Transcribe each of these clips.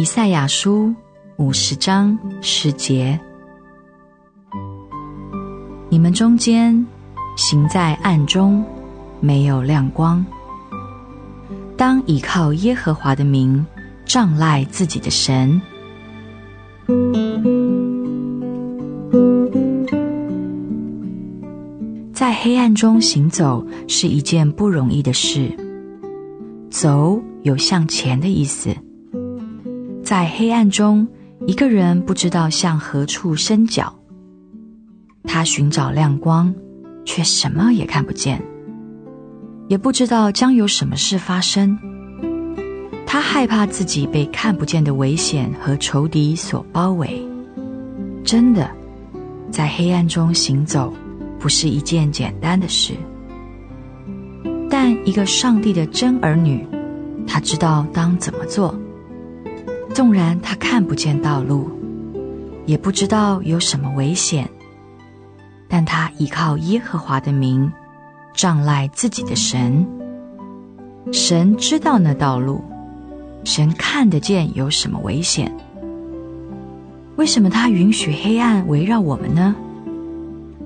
以賽亞書五十章十節：你們中間行在暗中，沒有亮光；當倚靠耶和華的名，仗賴自己的神。在黑暗中行走是一件不容易的事。走有向前的意思。在黑暗中，一個人不知道向何處伸腳。他尋找亮光，卻什麼也看不見，也不知道將有什麼事發生。他害怕自己被看不見的危險和仇敵所包圍。真的，在黑暗中行走不是一件簡單的事。但一個上帝的真兒女，他知道當怎麼做。縱然他看不見道路，也不知道有什麼危險，但他倚靠耶和華的名，仗賴自己的神。神知道那道路，神看得見有什麼危險。為什麼他允許黑暗圍繞我們呢？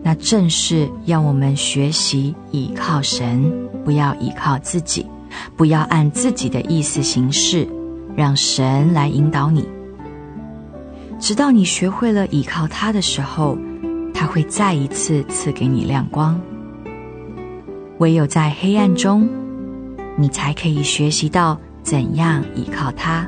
那正是要我們學習倚靠神，不要倚靠自己，不要按自己的意思行事。讓神來引導你，直到你學會了依靠他的時候，他會再一次賜給你亮光。唯有在黑暗中，你才可以學習到怎樣依靠他。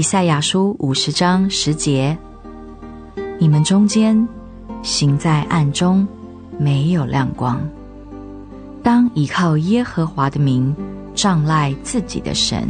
以賽亞書五十章十節：你們中間行在暗中，沒有亮光；當倚靠耶和華的名，仗賴自己的神。